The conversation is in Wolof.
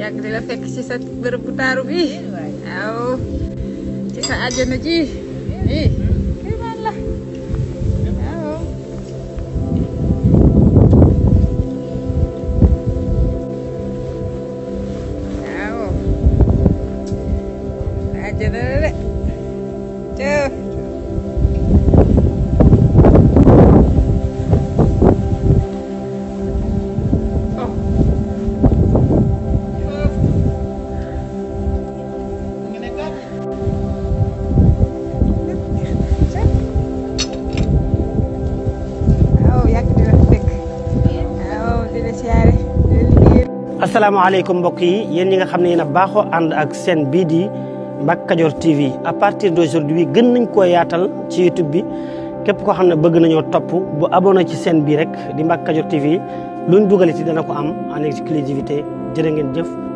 yàgg di fekk ci sa bërëb bu taaru bi waaw ci sa àjjana ji i kéemaan la waaw waaw àjjana la siyaare asalaamaaleykum mbokk yi yéen ñi nga xam ne yéen a baaxoo ànd ak seen bii di Mbacke Kadior TV à partir d'aujourd'hui gën nañ koo yaatal ci YouTube bi képp koo xam ne bëgg nañoo topp bu abonné ci seen bii rek di Mbacke Kadior TV luñ dugaliti dana ko am en exclusivité jërë ngeen jëf.